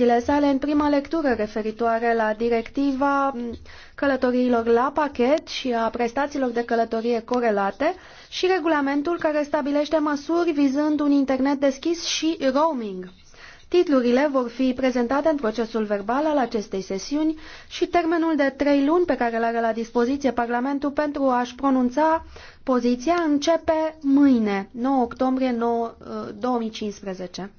sugestiile sale în prima lectură referitoare la directiva mm, călătoriilor la pachet și a prestațiilor de călătorie corelate și regulamentul care stabilește măsuri vizând un internet deschis și roaming. Titlurile vor fi prezentate în procesul verbal al acestei sesiuni și termenul de trei luni pe care îl are la dispoziție Parlamentul pentru a-și pronunța poziția începe mâine, 9 octombrie 2015.